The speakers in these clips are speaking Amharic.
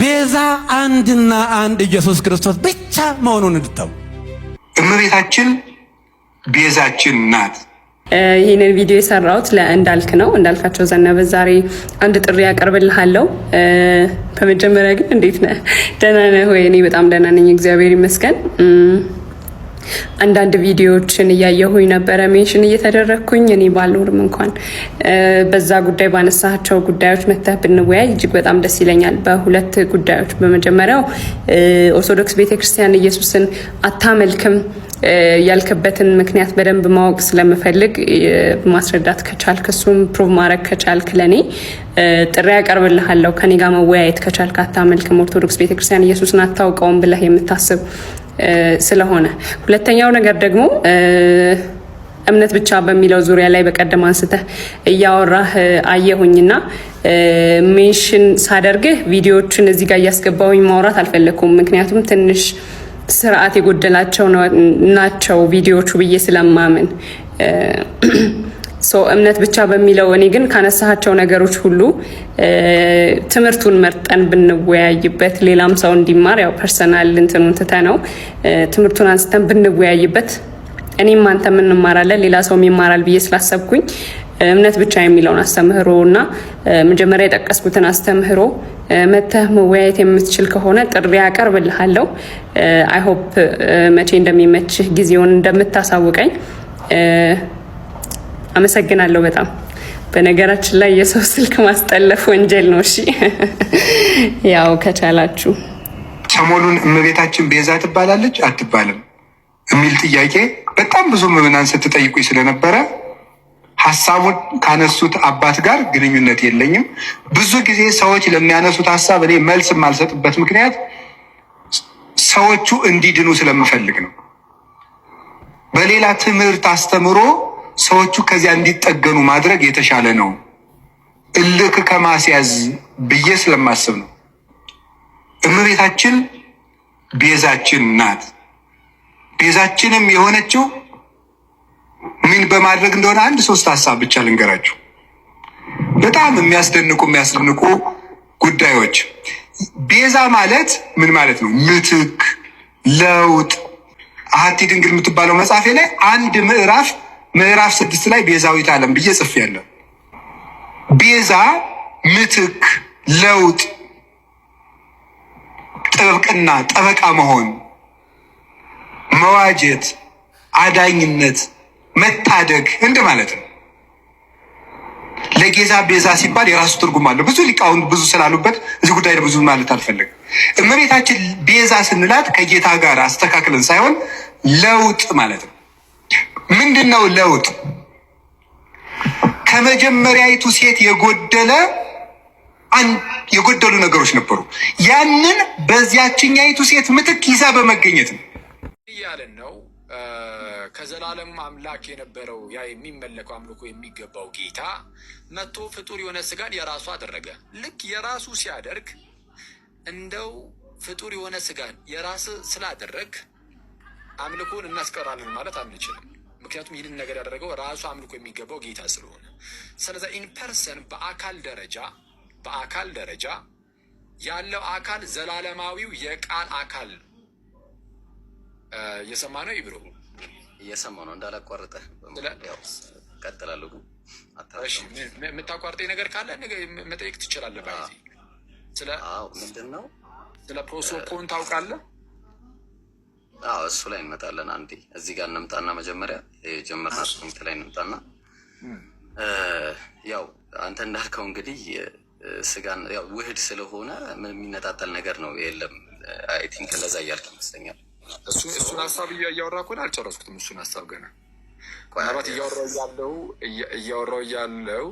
ቤዛ አንድና አንድ ኢየሱስ ክርስቶስ ብቻ መሆኑን እንድታው እመቤታችን ቤዛችን ናት። ይህንን ቪዲዮ የሰራሁት ለእንዳልክ ነው። እንዳልካቸው ዘነበ ዛሬ አንድ ጥሪ ያቀርብልሃለው። በመጀመሪያ ግን እንዴት ነህ? ደህና ነህ ወይ? እኔ በጣም ደህና ነኝ፣ እግዚአብሔር ይመስገን። አንዳንድ ቪዲዮዎችን እያየሁኝ ነበረ ሜንሽን እየተደረግኩኝ እኔ ባልኖርም እንኳን በዛ ጉዳይ ባነሳቸው ጉዳዮች መተህ ብንወያይ እጅግ በጣም ደስ ይለኛል። በሁለት ጉዳዮች፣ በመጀመሪያው ኦርቶዶክስ ቤተክርስቲያን ኢየሱስን አታመልክም ያልክበትን ምክንያት በደንብ ማወቅ ስለምፈልግ ማስረዳት ከቻልክ እሱም ፕሩቭ ማድረግ ከቻልክ ለእኔ ጥሪ ያቀርብልሃለሁ። ከኔ ጋር መወያየት ከቻልክ አታመልክም ኦርቶዶክስ ቤተክርስቲያን ኢየሱስን አታውቀውም ብለህ የምታስብ ስለሆነ ሁለተኛው ነገር ደግሞ እምነት ብቻ በሚለው ዙሪያ ላይ በቀደም አንስተህ እያወራህ አየሁኝና ሜንሽን ሳደርግህ ቪዲዮዎችን እዚህ ጋር እያስገባሁኝ ማውራት አልፈለግኩም። ምክንያቱም ትንሽ ስርዓት የጎደላቸው ናቸው ቪዲዮዎቹ ብዬ ስለማምን እምነት ብቻ በሚለው እኔ ግን ካነሳቸው ነገሮች ሁሉ ትምህርቱን መርጠን ብንወያይበት ሌላም ሰው እንዲማር ያው ፐርሰናል እንትኑን ትተ ነው ትምህርቱን አንስተን ብንወያይበት እኔም አንተም እንማራለን ሌላ ሰውም ይማራል ብዬ ስላሰብኩኝ እምነት ብቻ የሚለውን አስተምህሮ እና መጀመሪያ የጠቀስኩትን አስተምህሮ መተህ መወያየት የምትችል ከሆነ ጥሪ ያቀርብልሃለው። አይሆፕ መቼ እንደሚመችህ ጊዜውን እንደምታሳውቀኝ አመሰግናለሁ በጣም በነገራችን ላይ የሰው ስልክ ማስጠለፍ ወንጀል ነው። እሺ ያው ከቻላችሁ ሰሞኑን እመቤታችን ቤዛ ትባላለች አትባልም የሚል ጥያቄ በጣም ብዙ ምዕመናን ስትጠይቁኝ ስለነበረ ሀሳቡን ካነሱት አባት ጋር ግንኙነት የለኝም። ብዙ ጊዜ ሰዎች ለሚያነሱት ሀሳብ እኔ መልስ የማልሰጥበት ምክንያት ሰዎቹ እንዲድኑ ስለምፈልግ ነው። በሌላ ትምህርት አስተምሮ ሰዎቹ ከዚያ እንዲጠገኑ ማድረግ የተሻለ ነው፣ እልክ ከማስያዝ ብዬ ስለማስብ ነው። እመቤታችን ቤዛችን ናት። ቤዛችንም የሆነችው ምን በማድረግ እንደሆነ አንድ ሶስት ሀሳብ ብቻ ልንገራችሁ። በጣም የሚያስደንቁ የሚያስደንቁ ጉዳዮች። ቤዛ ማለት ምን ማለት ነው? ምትክ፣ ለውጥ። አሀቲ ድንግል የምትባለው መጽሐፌ ላይ አንድ ምዕራፍ ምዕራፍ ስድስት ላይ ቤዛዊት ዓለም ብዬ ጽፌያለሁ። ቤዛ ምትክ፣ ለውጥ፣ ጥብቅና፣ ጠበቃ መሆን፣ መዋጀት፣ አዳኝነት፣ መታደግ እንደ ማለት ነው። ለጌዛ ቤዛ ሲባል የራሱ ትርጉም አለው። ብዙ ሊቃውንት ብዙ ስላሉበት እዚህ ጉዳይ ብዙ ማለት አልፈልግም። እመቤታችን ቤዛ ስንላት ከጌታ ጋር አስተካክለን ሳይሆን ለውጥ ማለት ነው። ምንድን ነው ለውጥ? ከመጀመሪያይቱ ሴት የጎደለ የጎደሉ ነገሮች ነበሩ። ያንን በዚያችኛይቱ ሴት ምትክ ይዛ በመገኘት ነው እያለን ነው። ከዘላለም አምላክ የነበረው ያ የሚመለከው አምልኮ የሚገባው ጌታ መጥቶ ፍጡር የሆነ ስጋን የራሱ አደረገ። ልክ የራሱ ሲያደርግ እንደው ፍጡር የሆነ ስጋን የራስ ስላደረግ አምልኮን እናስቀራለን ማለት አንችልም። ምክንያቱም ይህንን ነገር ያደረገው ራሱ አምልኮ የሚገባው ጌታ ስለሆነ፣ ስለዚ ኢንፐርሰን በአካል ደረጃ በአካል ደረጃ ያለው አካል ዘላለማዊው የቃል አካል ነው። እየሰማ ነው ይብሮ እየሰማ ነው እንዳላቋርጠ ቀጥላለሁ። ግን የምታቋርጠኝ ነገር ካለ መጠየቅ ትችላለህ። ባይዜ ስለ ምንድን ነው ስለ ፕሮሶፖን ታውቃለህ? እሱ ላይ እንመጣለን። አንዴ እዚህ ጋር እንምጣና መጀመሪያ የጀመርናት ኮሚቴ ላይ እንምጣና ያው አንተ እንዳልከው እንግዲህ ስጋን ያው ውህድ ስለሆነ የሚነጣጠል ነገር ነው የለም። አይ ቲንክ ለዛ እያልክ ይመስለኛል። እሱን ሀሳብ እያወራ እኮ አልጨረስኩትም። እሱን ሀሳብ ገና ምናልባት እያወራው እያለው እያወራው እያለው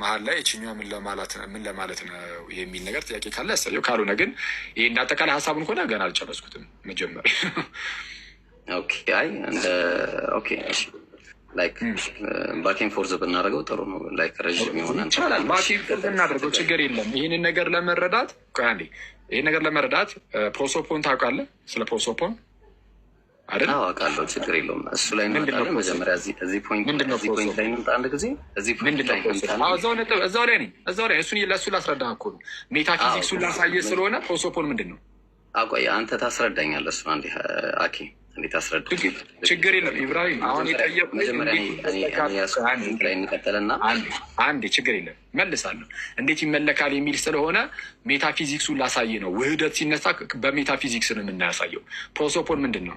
መሀል ላይ የችኛ ምን ለማለት ምን ለማለት ነው የሚል ነገር ጥያቄ ካለ ያሳየው። ካልሆነ ግን ይህ እንደ ሀሳቡን ከሆነ ገና አልጨረስኩትም። መጀመር ባኬን ፎርዝ ብናደርገው ጥሩ ነው። ላይክ ረዥም ይሆናል። ብናደርገው ችግር የለም። ይህንን ነገር ለመረዳት ይህን ነገር ለመረዳት ፕሮሶፖን ታውቃለህ? ስለ ፕሮሶፖን አውቃለሁ። ችግር የለውም። እሱ ላይ እንመጣለን። መጀመሪያ እዚህ ፖይንት ላይ እንምጣ። አንድ ጊዜ እዚህ ፖይንት ላይ እዛው ላይ እዛው ላይ እሱን ለእሱ ላስረዳ እኮ ነው። ሜታፊዚክሱን ላሳየ ስለሆነ ፕሮሶፖን ምንድን ነው? አቆይ አንተ ታስረዳኛለህ። እሱ አንዴ አኬ እንዴት ችግር የለም ኢብራሂም። አሁን ችግር የለም መልሳለሁ። እንዴት ይመለካል የሚል ስለሆነ ሜታፊዚክሱን ላሳየ ነው። ውህደት ሲነሳ በሜታፊዚክስ ነው የምናያሳየው። ፕሮሶፖን ምንድን ነው?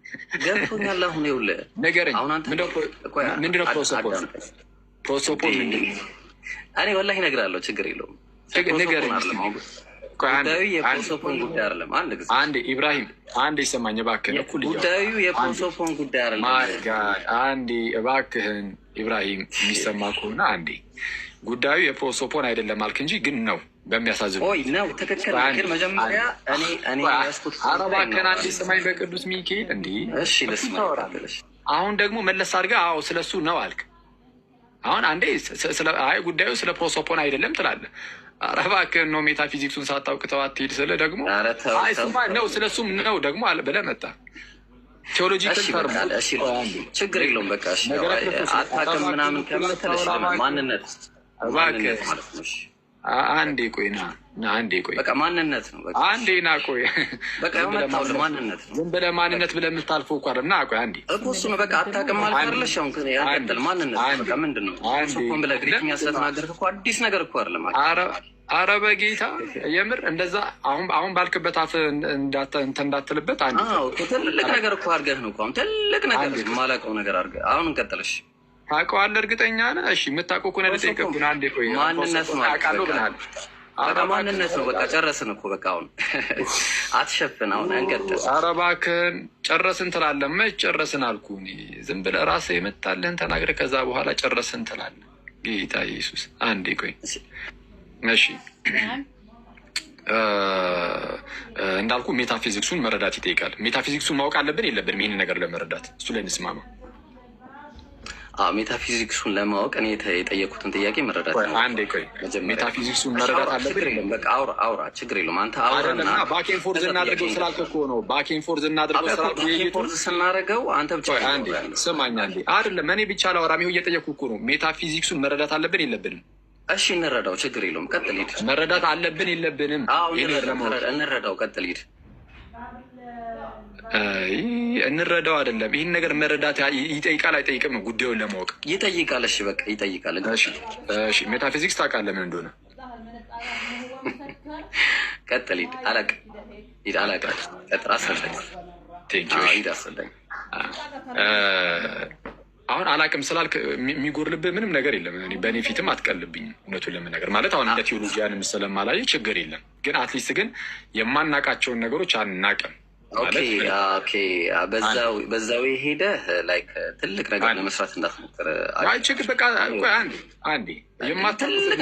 ገብቶኛል። አሁን ይኸውልህ ንገረኝ፣ ምንድን ነው ፕሮሶፖል? ፕሮሶፖል ምንድን እኔ ወላሂ እነግርሃለሁ፣ ችግር የለውም። ጉዳዩ የፕሮሶፖን ጉዳይ አይደለም። አንድ ጊዜ አንድ ኢብራሂም አንድ ይሰማኝ እባክህን፣ ጉዳዩ የፕሮሶፖን ጉዳይ አይደለም። አንድ እባክህን ኢብራሂም የሚሰማ ከሆነ አንዴ፣ ጉዳዩ የፕሮሶፖን አይደለም አልክ እንጂ ግን ነው በሚያሳዝን ወይ ነው ትክክል። ግን መጀመሪያ እኔ እኔ ያስኩት አረባከን አንድ ሰማኝ በቅዱስ ሚካኤል እንዲህ እሺ፣ ልስማ። አሁን ደግሞ መለስ አድርገህ አዎ፣ ስለሱ ነው አልክ። አሁን አንዴ አይ ጉዳዩ ስለ ፕሮሶፖን አይደለም ትላለህ። አረባከን ነው ሜታፊዚክሱን ሳታውቅ ተው አትሄድ። ስለ ደግሞ አይ ስማ ነው ስለሱም ነው ደግሞ ብለህ መጣ ቴዎሎጂካል ችግር የለውም። በቃ አታውቅም ምናምን ከምትል ማንነት አንዴ ቆይ ና አንዴ ቆይ በቃ ማንነት ነው። በቃ አንዴ ና ቆይ በቃ የመጣው ለማንነት ነው። ዝም ብለህ ማንነት ብለህ የምታልፈው እኮ አይደለም። ና ቆይ አንዴ እኮ እሱ ነው በቃ አታውቅም ማለት አይደለሽ። አሁን ግን ያቀጥል ማንነት በቃ ምንድን ነው እሱ እኮ ብለህ ግሪክኛ ስለተናገርክ እኮ አዲስ ነገር እኮ አይደለም። ኧረ በጌታ የምር እንደዛ አሁን አሁን ባልክበት አፍ እንትን እንዳትልበት አንዴ ትልቅ ነገር እኮ አድርገህ ነው እኮ አሁን ትልቅ ነገር ማላውቀው ነገር አድርገህ አሁን እንቀጥልሽ ታውቀዋለህ? እርግጠኛ ነህ? እሺ፣ የምታውቀው ከሆነ ልጠይቅብን። አንዴ ቆይ፣ ማንነት ነው አውቃለሁ ብለሃል። ማንነት ነው። በቃ ጨረስን እኮ በቃ አሁን አትሸፍን። አሁን እንቀጥል። ኧረ እባክህን ጨረስን ትላለህ። መች ጨረስን አልኩ እኔ። ዝም ብለህ ራስህ የመጣልህን ተናግረህ ከዛ በኋላ ጨረስን ትላለህ። ጌታ ኢየሱስ። አንዴ ቆይ፣ እሺ እንዳልኩ ሜታፊዚክሱን መረዳት ይጠይቃል። ሜታፊዚክሱን ማወቅ አለብን የለብንም? ይህን ነገር ለመረዳት እሱ ላይ እንስማማ። ሜታፊዚክሱን ለማወቅ እኔ የጠየኩትን ጥያቄ መረዳት ሜታፊዚክሱን መረዳት አለብን። አውራ አውራ ችግር የለውም። አንተ አውራና ባኬን ፎርዝ እናድርገው ስላልክ እኮ ነው። ባኬን ፎርዝ እናድርገው ስላልክ ፎርዝ ስናደርገው አንተ ብቻ ስማኛ እንዴ! አይደለም እኔ ብቻ ላወራ ሚሆ እየጠየኩ እኮ ነው። ሜታፊዚክሱን መረዳት አለብን የለብንም? እሺ እንረዳው፣ ችግር የለውም። ቀጥል ሂድ። መረዳት አለብን የለብንም? እንረዳው፣ ቀጥል ሂድ። እንረዳው አይደለም። ይህን ነገር መረዳት ይጠይቃል አይጠይቅም? ጉዳዩን ለማወቅ ይጠይቃል። እሺ በቃ ይጠይቃል። ሜታፊዚክስ ታውቃለህ ምን እንደሆነ? ቀጥል አለቅ አላውቅም ሂድ። አላውቅም ቀጥል። አሁን አላቅም ስላልክ የሚጎርልብህ ምንም ነገር የለም። በእኔ ፊትም አትቀልብኝም። እውነቱን ለመናገር ማለት አሁን እንደ ቴዎሎጂያንም ስለማላየ ችግር የለም። ግን አትሊስት ግን የማናቃቸውን ነገሮች አናቅም በዛው ሄደ ላይክ ትልቅ ነገር ለመስራት እንዳትሞክር። ትልቅ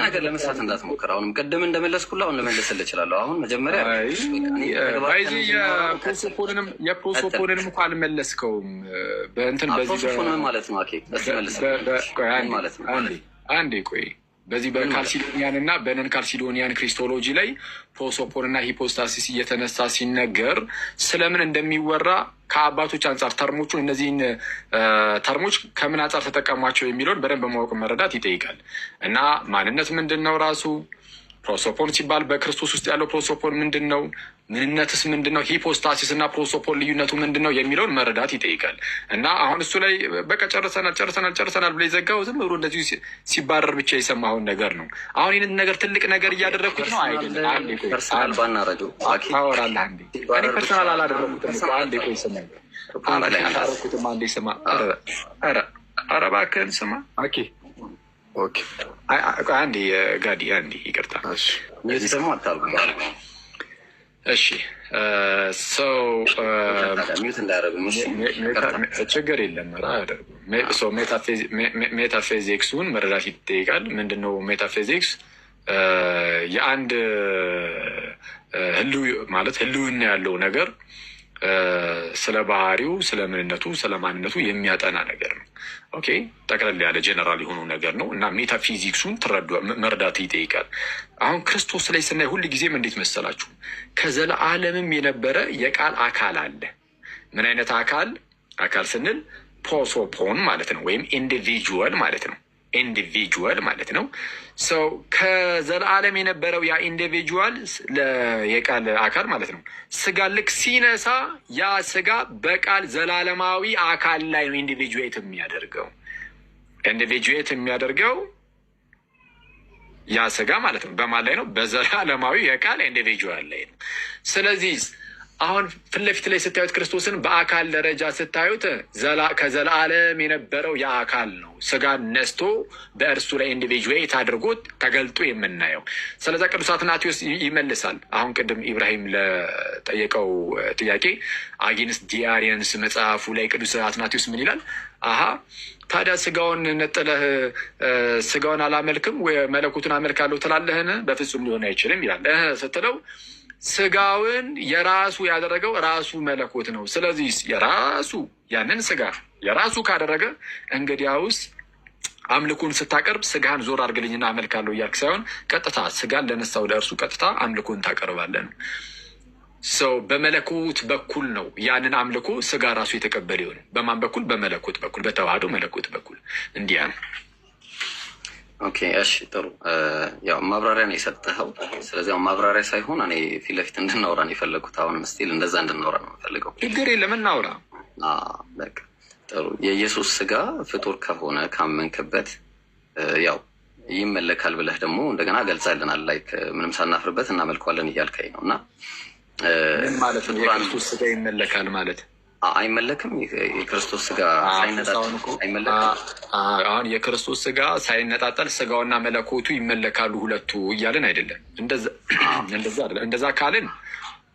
ነገር ለመስራት እንዳትሞክር። አሁንም ቅድም እንደመለስኩላ አሁን ለመለስልህ እችላለሁ። አሁን መጀመሪያ የፕሮሶፖንንም እኮ አልመለስከውም። በእንትን ፕሮሶፖንን ማለት ነው ማለት ነው። አንዴ ቆይ በዚህ በካልሲዶኒያን እና በነን ካልሲዶኒያን ክሪስቶሎጂ ላይ ፕሮሶፖን እና ሂፖስታሲስ እየተነሳ ሲነገር ስለምን እንደሚወራ ከአባቶች አንጻር ተርሞቹን እነዚህን ተርሞች ከምን አንጻር ተጠቀሟቸው የሚለውን በደንብ በማወቅ መረዳት ይጠይቃል እና ማንነት ምንድን ነው ራሱ ፕሮሶፖን ሲባል በክርስቶስ ውስጥ ያለው ፕሮሶፖን ምንድን ነው? ምንነትስ ምንድን ነው? ሂፖስታሲስ እና ፕሮሶፖን ልዩነቱ ምንድን ነው የሚለውን መረዳት ይጠይቃል። እና አሁን እሱ ላይ በቃ ጨርሰናል ጨርሰናል ጨርሰናል ብሎ የዘጋው ዝም ብሎ እንደዚሁ ሲባረር ብቻ የሰማሁን ነገር ነው። አሁን ይህንን ነገር ትልቅ ነገር እያደረግኩት ነው አይደለም። ታወራለህ አንዴ። እኔ ፐርሰናል አላደረግኩትም። አንዴ ቆይ ስማ፣ አንዴ ስማ፣ እባክህን ስማ። ኦኬ አንድ ጋዲ አንድ ይቅርታ፣ ደግሞ አታርጉም። እሺ ሰው ችግር የለም ሜታፊዚክሱን መረዳት ይጠይቃል። ምንድነው ሜታፊዚክስ? የአንድ ህልው ማለት ህልውና ያለው ነገር ስለ ባህሪው፣ ስለ ምንነቱ፣ ስለ ማንነቱ የሚያጠና ነገር ነው። ኦኬ ጠቅለል ያለ ጀነራል የሆኑ ነገር ነው እና ሜታፊዚክሱን መርዳት ይጠይቃል። አሁን ክርስቶስ ላይ ስናይ ሁል ጊዜም እንዴት መሰላችሁ ከዘለዓለምም የነበረ የቃል አካል አለ። ምን አይነት አካል አካል ስንል ፖሶፖን ማለት ነው ወይም ኢንዲቪጁዋል ማለት ነው። ኢንዲቪጁዋል ማለት ነው። ሰው ከዘላለም የነበረው ያ ኢንዲቪጁዋል የቃል አካል ማለት ነው። ስጋ ልክ ሲነሳ ያ ስጋ በቃል ዘላለማዊ አካል ላይ ነው ኢንዲቪጁዌት የሚያደርገው ኢንዲቪጁዌት የሚያደርገው ያ ስጋ ማለት ነው። በማን ላይ ነው? በዘላለማዊ የቃል ኢንዲቪጁዋል ላይ ነው። ስለዚህ አሁን ፊት ለፊት ላይ ስታዩት ክርስቶስን በአካል ደረጃ ስታዩት ከዘላለም የነበረው የአካል ነው። ስጋን ነስቶ በእርሱ ላይ ኢንዲቪጁዌት አድርጎት ተገልጦ የምናየው። ስለዛ ቅዱስ አትናቴዎስ ይመልሳል። አሁን ቅድም ኢብራሂም ለጠየቀው ጥያቄ አጊንስ ዲያሪየንስ መጽሐፉ ላይ ቅዱስ አትናቴዎስ ምን ይላል? አሀ ታዲያ ስጋውን ነጥለህ ስጋውን አላመልክም መለኮቱን አመልካለሁ ትላለህን? በፍጹም ሊሆን አይችልም ይላል ስትለው ስጋውን የራሱ ያደረገው ራሱ መለኮት ነው። ስለዚህ የራሱ ያንን ስጋ የራሱ ካደረገ እንግዲያውስ አምልኮን ስታቀርብ ስጋህን ዞር አድርግልኝና አመልካለሁ እያልክ ሳይሆን ቀጥታ ስጋን ለነሳው ለእርሱ ቀጥታ አምልኮን ታቀርባለህ ነው። ሰው በመለኮት በኩል ነው ያንን አምልኮ ስጋ ራሱ የተቀበለ ይሆን። በማን በኩል? በመለኮት በኩል በተዋህዶ መለኮት በኩል እንዲያ ነው። ኦኬ እሺ፣ ጥሩ ያው ማብራሪያ ነው የሰጠኸው። ስለዚህ ማብራሪያ ሳይሆን እኔ ፊት ለፊት እንድናወራ ነው የፈለጉት። አሁንም ስቲል እንደዛ እንድናውራ ነው የምፈልገው። ችግር የለም እናውራ። ጥሩ የኢየሱስ ስጋ ፍጡር ከሆነ ካመንክበት ያው ይመለካል ብለህ ደግሞ እንደገና ገልጻልናል። ላይክ ምንም ሳናፍርበት እናመልከዋለን እያልከኝ ነው እና ማለት ነው የክርስቶስ ስጋ ይመለካል ማለት አይመለክም። የክርስቶስ ስጋ ሳይነጣጠል አሁን የክርስቶስ ስጋ ሳይነጣጠል ስጋውና መለኮቱ ይመለካሉ ሁለቱ እያልን አይደለም። እንደዛ ካልን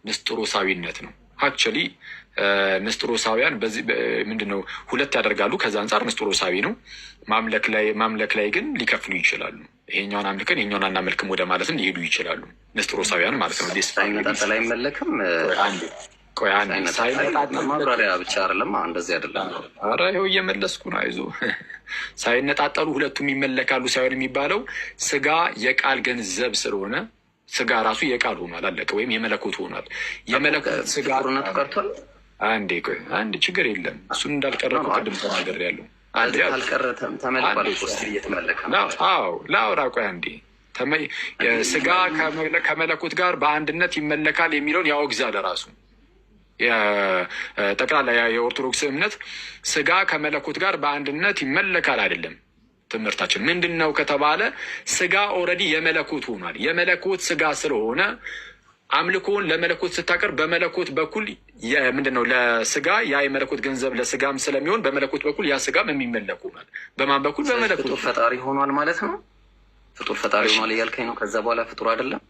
ንስጥሮሳዊነት ነው። አክቹዋሊ ንስጥሮሳውያን በዚህ ምንድን ነው ሁለት ያደርጋሉ። ከዛ አንጻር ንስጥሮሳዊ ነው። ማምለክ ላይ ማምለክ ላይ ግን ሊከፍሉ ይችላሉ። ይሄኛውን አምልክን ይሄኛውን አናመልክም ወደ ማለትም ሊሄዱ ይችላሉ። ንስጥሮሳውያን ማለት ነው ሳይነጣጠል አይመለክም ቆይ ብቻ አይደለም፣ እንደዚህ አይደለም። ኧረ ይኸው እየመለስኩ ነው፣ አይዞህ። ሳይነጣጠሉ ሁለቱም ይመለካሉ ሳይሆን የሚባለው ስጋ የቃል ገንዘብ ስለሆነ ስጋ ራሱ የቃል ሆኗል፣ አለቀ። ወይም የመለኮት ሆኗል። የመለኮት ስጋ ሩነት ቀርቷል። አንዴ ቆይ አንድ ችግር የለም። እሱን እንዳልቀረ ቅድም ተናገር ያለው ላውራ። ቆይ አንዴ ስጋ ከመለኮት ጋር በአንድነት ይመለካል የሚለውን ያወግዛል ራሱ ጠቅላላ የኦርቶዶክስ እምነት ስጋ ከመለኮት ጋር በአንድነት ይመለካል አይደለም። ትምህርታችን ምንድን ነው ከተባለ ስጋ ኦልሬዲ የመለኮት ሆኗል። የመለኮት ስጋ ስለሆነ አምልኮውን ለመለኮት ስታቀርብ በመለኮት በኩል ምንድነው ለስጋ ያ የመለኮት ገንዘብ ለስጋም ስለሚሆን በመለኮት በኩል ያ ስጋም የሚመለክ ሆኗል። በማን በኩል? በመለኮት ፈጣሪ ሆኗል ማለት ነው። ፍጡር ፈጣሪ ሆኗል እያልከኝ ነው። ከዛ በኋላ ፍጡር አይደለም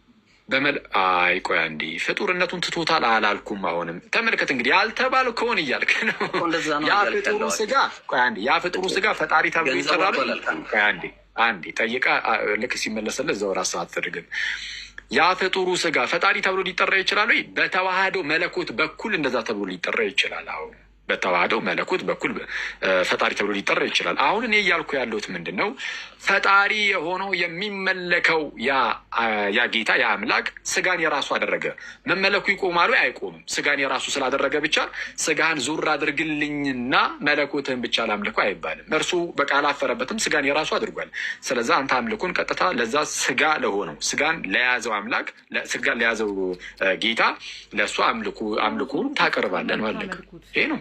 በመል አይ ቆይ አንዴ ፍጡርነቱን ትቶታል አላልኩም። አሁንም ተመልከት እንግዲህ ያልተባልከውን እያልክ ነው። ያ ስጋ ቆይ አንዴ ያ ፍጡሩ ስጋ ፈጣሪ ተብሎ ይጠራል። ቆይ አንዴ አንዴ ጠይቃ ልክ ሲመለስልህ ዘወር ራስህ አትድርግም። ያ ፍጡሩ ስጋ ፈጣሪ ተብሎ ሊጠራ ይችላል ወይ? በተዋህዶ መለኮት በኩል እንደዛ ተብሎ ሊጠራ ይችላል። አሁን በተዋህደው መለኮት በኩል ፈጣሪ ተብሎ ሊጠራ ይችላል። አሁን እኔ እያልኩ ያለሁት ምንድን ነው? ፈጣሪ የሆነው የሚመለከው ያ ጌታ ያ አምላክ ስጋን የራሱ አደረገ። መመለኩ ይቆማሉ አይቆምም። ስጋን የራሱ ስላደረገ ብቻ ስጋን ዙር አድርግልኝና መለኮትህን ብቻ ላምልኮ አይባልም። እርሱ በቃል አፈረበትም፣ ስጋን የራሱ አድርጓል። ስለዛ አንተ አምልኮን ቀጥታ ለዛ ስጋ ለሆነው ስጋን ለያዘው አምላክ ስጋን ለያዘው ጌታ ለእሱ አምልኩ አምልኩ ታቀርባለን ማለት ይሄ ነው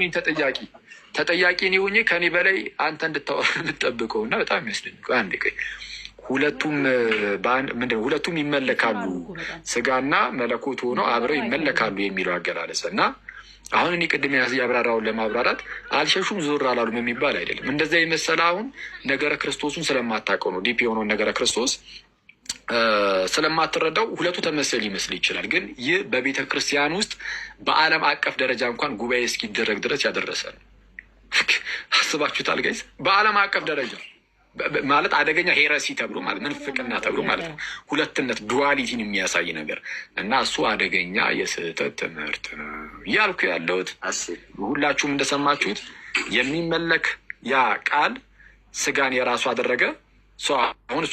እኔ ተጠያቂ ተጠያቂ እኔ ሆኜ ከኔ በላይ አንተ እና በጣም አንድ ሁለቱም ሁለቱም ይመለካሉ ስጋና መለኮት ሆነው አብረው ይመለካሉ የሚለው አገላለጽ እና አሁን እኔ ቅድም ያብራራውን ለማብራራት አልሸሹም ዞር አላሉም የሚባል አይደለም። እንደዚያ የመሰለ አሁን ነገረ ክርስቶሱን ስለማታውቀው ነው ዲፕ የሆነውን ነገረ ክርስቶስ ስለማትረዳው ሁለቱ ተመሳሳይ ሊመስል ይችላል። ግን ይህ በቤተ ክርስቲያን ውስጥ በዓለም አቀፍ ደረጃ እንኳን ጉባኤ እስኪደረግ ድረስ ያደረሰ ነው። አስባችሁታል ጋይስ? በዓለም አቀፍ ደረጃ ማለት አደገኛ ሄረሲ ተብሎ ማለት ምንፍቅና ተብሎ ማለት ነው። ሁለትነት ዱዋሊቲን የሚያሳይ ነገር እና እሱ አደገኛ የስህተት ትምህርት ነው እያልኩ ያለሁት። ሁላችሁም እንደሰማችሁት የሚመለክ ያ ቃል ስጋን የራሱ አደረገ ሰው አሁን